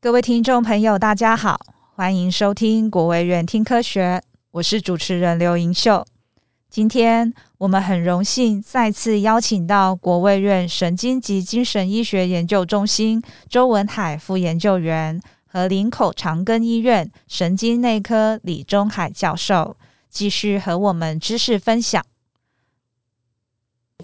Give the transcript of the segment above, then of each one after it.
各位聽眾朋友，大家好，歡迎收聽國衛院聽科學，我是主持人劉瑩秀。今天我們很榮幸再次邀請到國衛院神經及精神醫學研究中心周文海副研究員和林口長庚醫院神經內科李宗海教授，繼續和我們知識分享。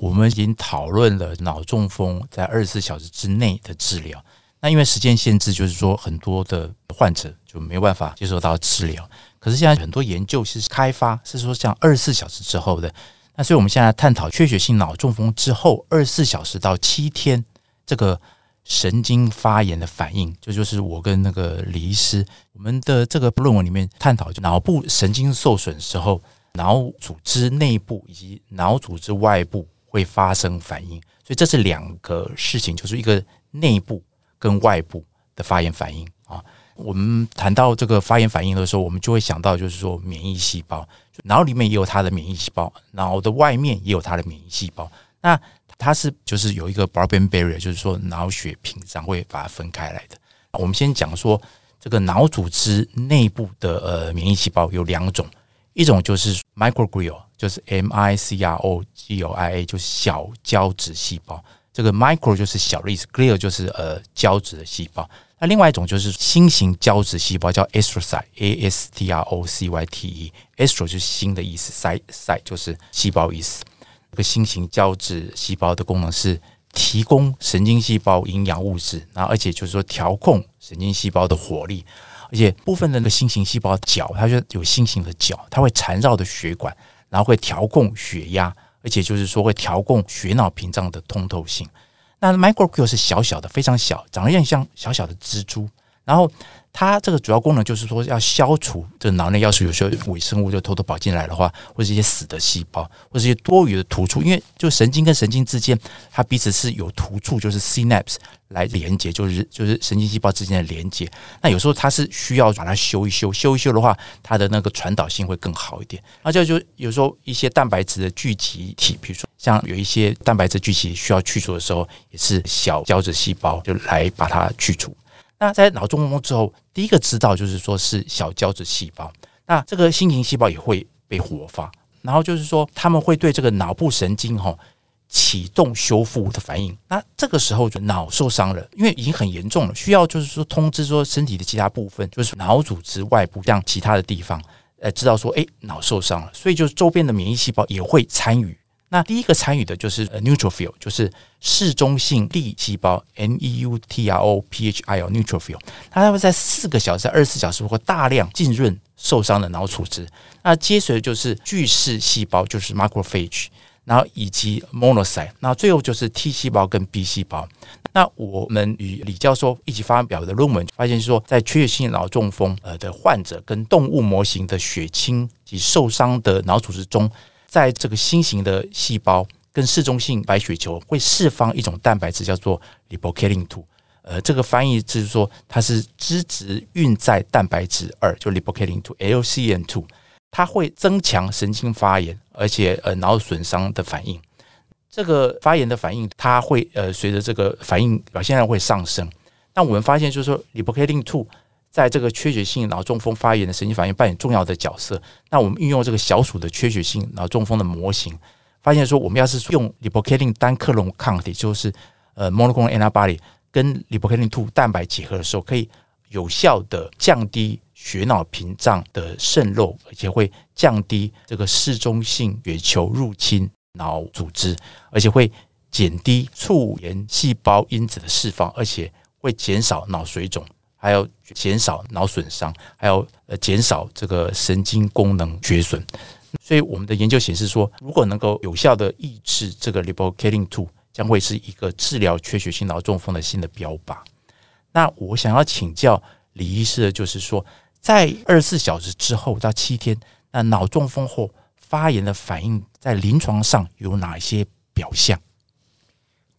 我們已經討論了腦中風在二十四小時之內的治療。那因為時間限制，就是說很多的患者就沒辦法接受到治療。可是現在很多研究是開發，是說像二十四小時之後的。那所以我們現在探討缺血性腦中風之後二十四小時到七天這個神經發炎的反應，就就是我跟那個李醫師，我們的這個論文裡面探討，就腦部神經受損時候，腦組織內部以及腦組織外部會發生反應。所以這是兩個事情，就是一個內部。跟外部的發炎反應啊，我們談到這個發炎反應的時候，我們就會想到，就是說免疫細胞，腦裡面也有它的免疫細胞，腦的外面也有它的免疫細胞。那它是就是有一個 blood brain barrier，就是說腦血屏障會把它分開來的。我們先講說這個腦組織內部的呃免疫細胞有兩種，一種就是 microglia，就是 micro glia 就是小膠質細胞。這個 micro 就是小的意思 glial 就是呃膠質的細胞。那另外一種就是星形膠質細胞，叫 astrocyte，a s t r o c y t e，astro 就是星的意思，cyte 就是細胞意思。這個星形膠質細胞的功能是提供神經細胞營養物質，然後而且就是說調控神經細胞的活力。而且部分人的星形細胞腳，它就有星形的腳，它會纏繞的血管，然後會調控血壓。而且就是說會調控血腦屏障的通透性那。那 microglia 是小小的，非常小，長得有點像小小的蜘蛛。然後，它這個主要功能就是說，要消除這腦內要是有時候微生物就偷偷跑進來的話，或者一些死的細胞，或者一些多餘的突觸，因為就神經跟神經之間，它彼此是有突觸，就是 synapse 來連接，就是就是神經細胞之間的連接。那有時候它是需要把它修一修，修一修的話，它的那個傳導性會更好一點。那這就有時候一些蛋白質的聚集體，比如說像有一些蛋白質聚集需要去除的時候，也是小膠質細胞就來把它去除。那在腦中風之後，第一個知道就是說是小膠質細胞，那這個星形細胞也會被活化，然後就是說他們會對這個腦部神經哈啟動修復的反應。那這個時候就腦受傷了，因為已經很嚴重了，需要就是說通知說身體的其他部分，就是腦組織外部像其他的地方，來知道說哎腦受傷了，所以就是周邊的免疫細胞也會參與。那第一個參與的就是 neutrophil，就是嗜中性粒細胞 （neutrophil）。neutrophil， 它會在四個小時、二十四小時，如果大量浸潤受傷的腦組織。那接隨的就是巨噬細胞，就是 macrophage，然後以及 monocyte。那最後就是 T 細胞跟 B 細胞。那我們與李教授一起發表的論文就發現說，在缺血性腦中風呃的患者跟動物模型的血清及受傷的腦組織中。在這個新型的細胞跟嗜中性白血球會釋放一種蛋白質，叫做 lipocalin two。2, 呃，這個翻譯就是說它是脂質運載蛋白質二，就 lipocalin two LCN two。2, LC 2, 它會增強神經發炎，而且呃腦損傷的反應。這個發炎的反應，它會呃隨着這個反應表現量會上升。但我們發現就是說 lipocalin two。2在這個缺血性腦中風發炎的神經反應扮演重要的角色。那我們運用這個小鼠的缺血性腦中風的模型，發現說，我們要是用 Lipocalin 單克隆抗體，就是呃 monoclonal antibody 跟 Lipocalin two 蛋白結合的時候，可以有效的降低血腦屏障的滲漏，而且會降低這個嗜中性血球入侵腦組織，而且會減低促炎細胞因子的釋放，而且會減少腦水腫。還要減少腦損傷，還要呃減少這個神經功能缺損，所以我們的研究顯示說，如果能夠有效地抑制這個 lipocalin-2，將會是一個治療缺血性腦中風的新的標靶。那我想要請教李醫師的就是說，在二十四小時之後到七天，那腦中風後發炎的反應在臨床上有哪些表象？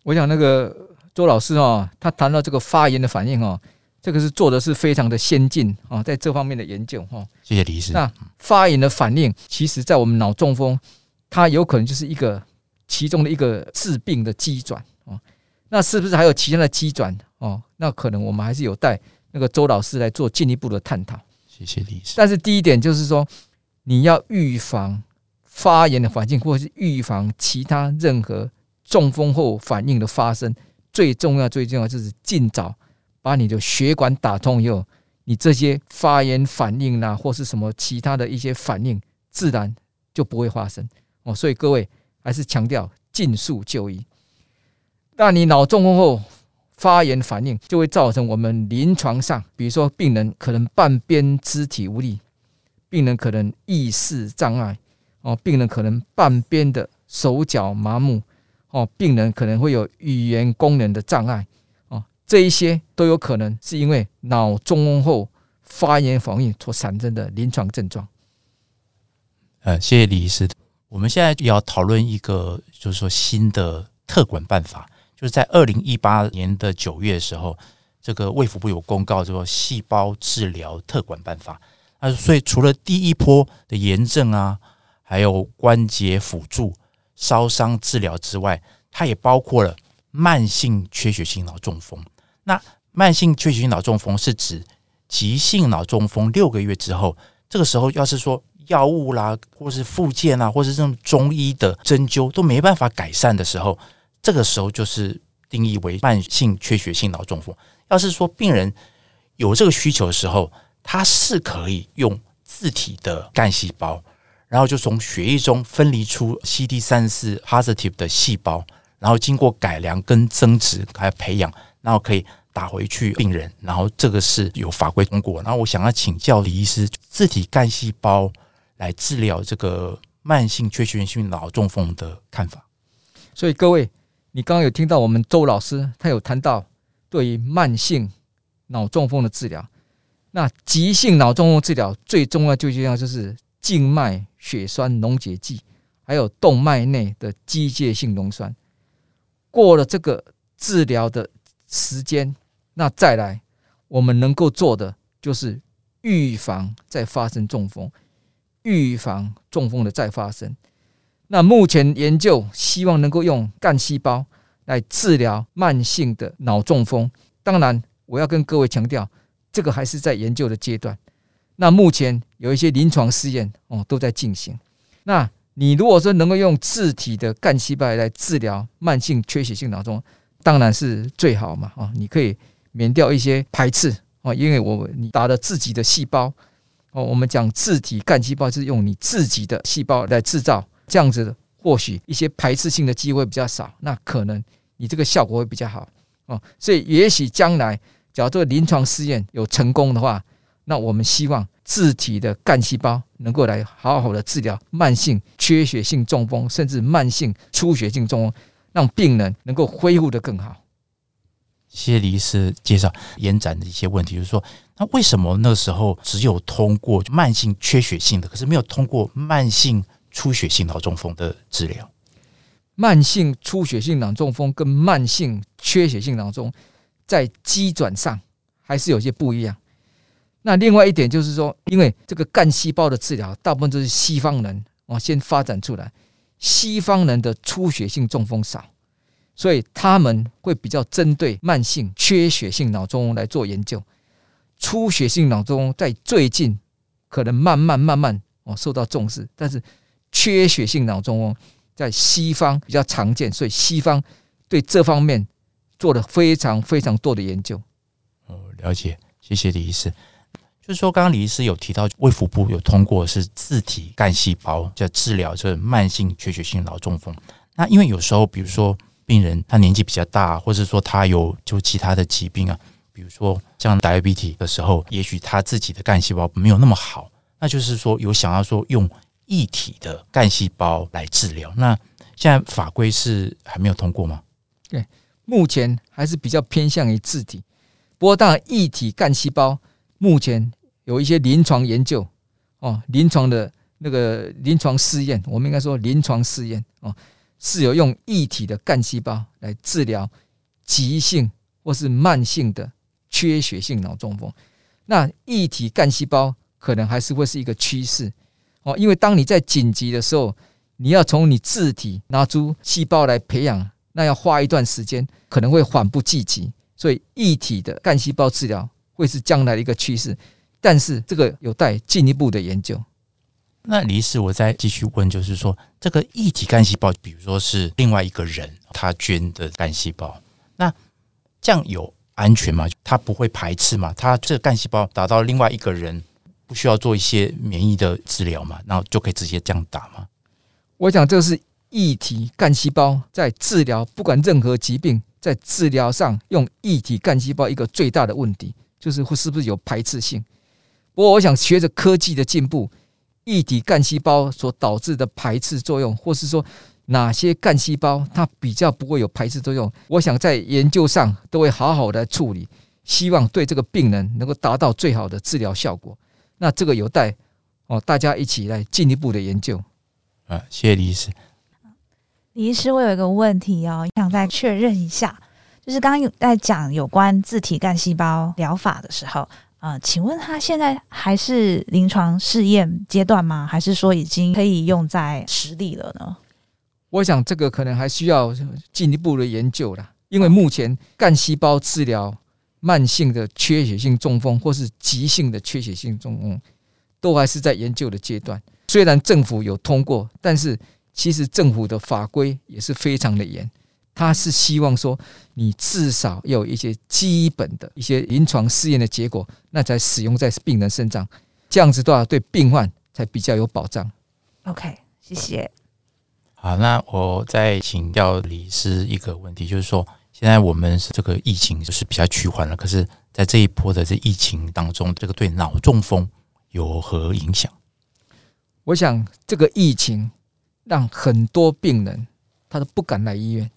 我想那個周老師啊、哦，他談到這個發炎的反應啊、哦。這個是做的是非常的先進啊，在這方面的研究哈。謝謝李醫師。那發炎的反應，其實，在我們腦中風，它有可能就是一個其中的一個致病的機轉啊。那是不是還有其他的機轉？哦，那可能我們還是有待那個周老師來做進一步的探討。謝謝李醫師。但是第一點就是說，你要預防發炎的環境，或者是預防其他任何中風後反應的發生，最重要最重要就是盡早。把你的血管打通以後，你這些發炎反應吶、啊，或是什麼其他的一些反應，自然就不會發生哦。所以各位還是強調盡速就醫。那你腦中風後發炎反應就會造成我們臨床上，比如說病人可能半邊肢體無力，病人可能意識障礙哦，病人可能半邊的手腳麻木哦，病人可能會有語言功能的障礙。這一些都有可能是因為腦中風後發炎反應所產生的臨床症狀。嗯，謝謝李醫師。我們現在要討論一個，就是說新的特管辦法，就是在二零一八年的九月的時候，這個衛福部有公告，說細胞治療特管辦法。那所以除了第一波的炎症啊，還有關節輔助、燒傷治療之外，它也包括了慢性缺血性腦中風。那慢性缺血性腦中風是指急性腦中風六個月之後，這個時候要是說藥物啦，或是復健啊，或是這種中醫的針灸都沒辦法改善的時候，這個時候就是定義為慢性缺血性腦中風。要是說病人有這個需求的時候，他是可以用自體的幹細胞，然後就從血液中分離出 CD 34 positive 的細胞，然後經過改良跟增殖來培養。然後可以打回去病人，然後這個是有法規通過。然後我想要請教李醫師，自體幹細胞來治療這個慢性缺血性腦中風的看法。所以各位，你剛剛有聽到我們周老師他有談到對於慢性腦中風的治療，那急性腦中風治療最重要、最重要就是靜脈血栓溶解劑，還有動脈內的機械性溶栓。過了這個治療的時間，那再來，我們能夠做的就是預防再發生中風，預防中風的再發生。那目前研究希望能夠用幹細胞來治療慢性的腦中風。當然，我要跟各位強調，這個還是在研究的階段。那目前有一些臨床試驗哦都在進行。那你如果說能夠用自體的幹細胞來治療慢性缺血性腦中，當然是最好嘛！啊你可以免掉一些排斥啊。因為我你打了自己的細胞哦，我們講自體幹細胞是用你自己的細胞來製造，這樣子或許一些排斥性的機會比較少，那可能你這個效果會比較好哦。所以也許將來假如做臨床試驗有成功的話，那我們希望自體的幹細胞能夠來好好的治療慢性缺血性中風，甚至慢性出血性中風。讓病人能夠恢復得更好。謝謝李醫師介紹延展的一些問題，就是說，那為什麼那時候只有通過慢性缺血性的，可是沒有通過慢性出血性腦中風的治療？慢性出血性腦中風跟慢性缺血性腦中風在機轉上還是有些不一樣。那另外一點就是說，因為這個幹細胞的治療，大部分都是西方人啊先發展出來，西方人的出血性中風少。所以他們會比較針對慢性缺血性腦中風來做研究，出血性腦中風在最近可能慢慢慢慢哦受到重視，但是缺血性腦中風在西方比較常見，所以西方對這方面做了非常非常多的研究。了解，謝謝李醫師。就是說，剛剛李醫師有提到，衛福部有通過是自體幹細胞，在治療這、就是、慢性缺血性腦中風。那因為有時候，比如說。病人他年紀比較大，或者說他有就其他的疾病啊，比如說像 diabetes 的時候，也許他自己的幹細胞沒有那麼好，那就是說有想要說用異體的幹細胞來治療。那現在法規是還沒有通過嗎？對，目前還是比較偏向於自體。不過，當異體幹細胞目前有一些臨床研究哦，臨床的那個臨床試驗，我們應該說臨床試驗哦。是有用異體的幹細胞來治療急性或是慢性的缺血性腦中風，那異體幹細胞可能還是會是一個趨勢哦，因為當你在緊急的時候，你要從你自體拿出細胞來培養，那要花一段時間，可能會緩不濟急，所以異體的幹細胞治療會是將來的一個趨勢，但是這個有待進一步的研究。那李醫師我再繼續問，就是說，這個異體幹細胞，比如說是另外一個人他捐的幹細胞，那這樣有安全嗎？他不會排斥嗎？他這幹細胞打到另外一個人，不需要做一些免疫的治療嗎？然後就可以直接這樣打嗎？我想，這是異體幹細胞在治療不管任何疾病，在治療上用異體幹細胞一個最大的問題，就是會是不是有排斥性？不過，我想隨著科技的進步。異體幹細胞所導致的排斥作用，或是說哪些幹細胞它比較不會有排斥作用？我想在研究上都會好好的處理，希望對這個病人能夠達到最好的治療效果。那這個有待哦大家一起來進一步的研究。啊，謝謝李醫師。李醫師，我有一個問題哦，想再確認一下，就是剛剛在講有關自體幹細胞療法的時候。啊、呃，請問他現在還是臨床試驗階段嗎？還是說已經可以用在實例了呢？我想這個可能還需要進一步的研究了，因為目前幹細胞治療慢性的缺血性中風或是急性的缺血性中風都還是在研究的階段。雖然政府有通過，但是其實政府的法規也是非常的嚴。他是希望說，你至少要有一些基本的一些臨床試驗的結果，那才使用在病人身上，這樣子的話，對病患才比較有保障。OK，謝謝。好，那我再請教李醫師一個問題，就是說，現在我們是這個疫情就是比較趨緩了，可是，在這一波的這疫情當中，這個對腦中風有何影響？我想，這個疫情讓很多病人他都不敢來醫院。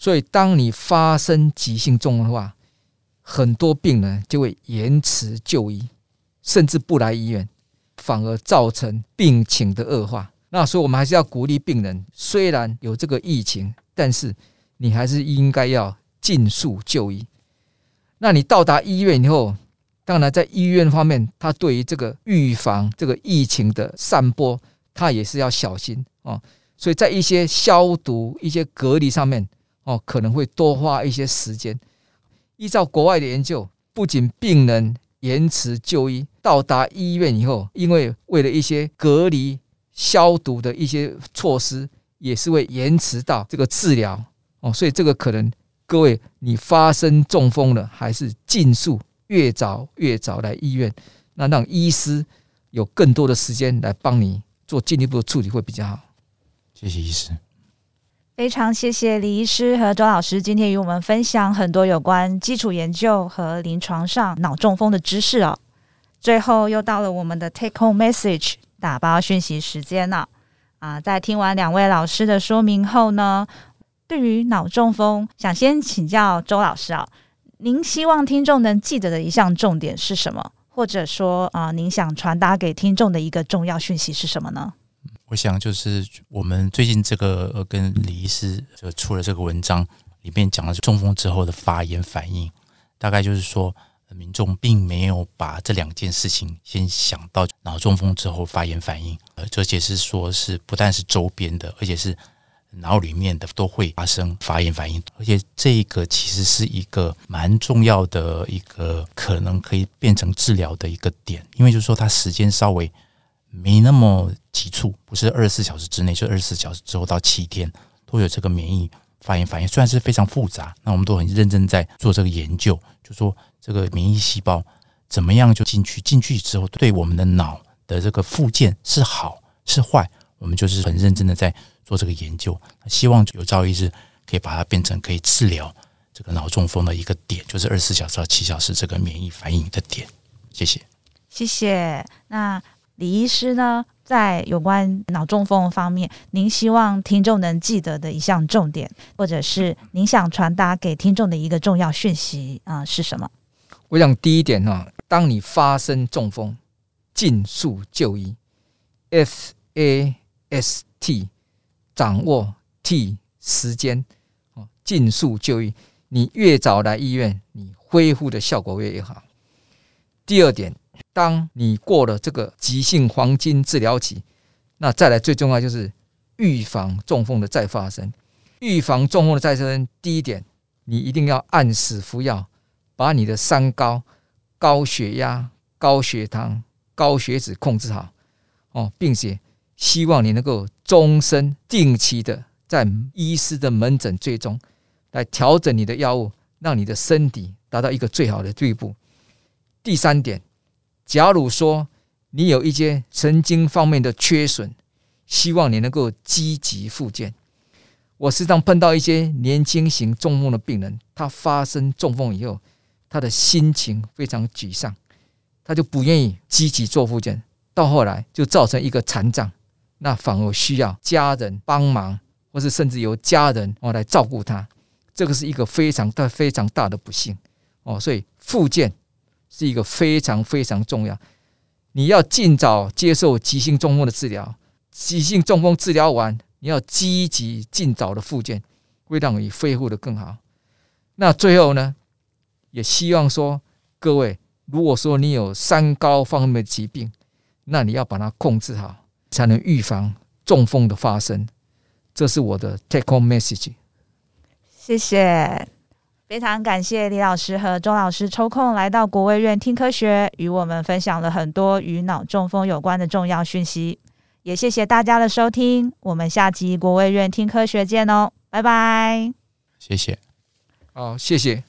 所以，當你發生急性中風的話，很多病人就會延遲就醫，甚至不來醫院，反而造成病情的惡化。那所以，我們還是要鼓勵病人，雖然有這個疫情，但是你還是應該要盡速就醫。那你到達醫院以後，當然在醫院方面，他對於這個預防這個疫情的散播，他也是要小心啊、哦。所以在一些消毒、一些隔離上面。哦，可能會多花一些時間。依照國外的研究，不僅病人延遲就醫，到達醫院以後，因為為了一些隔離、消毒的一些措施，也是會延遲到這個治療。哦，所以這個可能，各位，你發生中風了，還是盡速越早越早來醫院，那讓醫師有更多的時間來幫你做進一步的處理會比較好。謝謝醫師。非常謝謝李醫師和周老師今天與我們分享很多有關基礎研究和臨床上腦中風的知識哦。最後又到了我們的 take home message，打包訊息時間了，哦、啊！在聽完兩位老師的說明後呢，對於腦中風，想先請教周老師啊，哦，您希望聽眾能記得的一項重點是什麼？或者說啊，您想傳達給聽眾的一個重要訊息是什麼呢？我想，就是我們最近這個跟李醫師就出了這個文章，裡面講了中風之後的發炎反應。大概就是說，民眾並沒有把這兩件事情先想到，腦中風之後發炎反應，呃，這解釋說是不但是周邊的，而且是腦裡面的都會發生發炎反應。而且這個其實是一個蠻重要的一個可能可以變成治療的一個點，因為就是說它時間稍微，沒那麼急促，不是二十四小時之內，就二十四小時之後到七天都有這個免疫反應。反應雖然是非常複雜，那我們都很認真在做這個研究，就說這個免疫細胞怎麼樣就進去，進去之後對我們的腦的這個附件是好是壞，我們就是很認真的在做這個研究，希望有朝一日可以把它變成可以治療這個腦中風的一個點，就是二十四小時到七小時這個免疫反應的點。謝謝，謝謝，那。李醫師呢，在有關腦中風方面，您希望聽眾能記得的一項重點，或者是您想傳達給聽眾的一個重要訊息啊、呃，是什麼？我想第一點哈、啊，當你發生中風，盡速就醫，F A S T，掌握 T 時間，哦，盡速就醫，你越早來醫院，你恢復的效果越越好。第二點。當你過了這個急性黃金治療期，那再來最重要就是預防中風的再發生。預防中風的再生，第一點，你一定要按時服藥，把你的三高、高血壓、高血糖、高血脂控制好，哦，並且希望你能夠終身定期的在醫師的門診追蹤，來調整你的藥物，讓你的身體達到一個最好的地步。第三點。假如說你有一些神經方面的缺損，希望你能夠積極復健。我時常碰到一些年輕型中風的病人，他發生中風以後，他的心情非常沮喪，他就不願意積極做復健，到後來就造成一個殘障，那反而需要家人幫忙，或是甚至由家人哦來照顧他，這個是一個非常大、非常大的不幸哦。所以復健，是一個非常非常重要，你要盡早接受急性中風的治療。急性中風治療完，你要積極盡早的復健，會讓你恢復得更好。那最後呢，也希望說各位，如果說你有三高方面的疾病，那你要把它控制好，才能預防中風的發生。這是我的 Take home message。謝謝。非常感謝李老師和周老師抽空來到國衛院聽科學，與我們分享了很多與腦中風有關的重要訊息。也謝謝大家的收聽，我們下集國衛院聽科學見哦，拜拜。謝謝。哦，謝謝。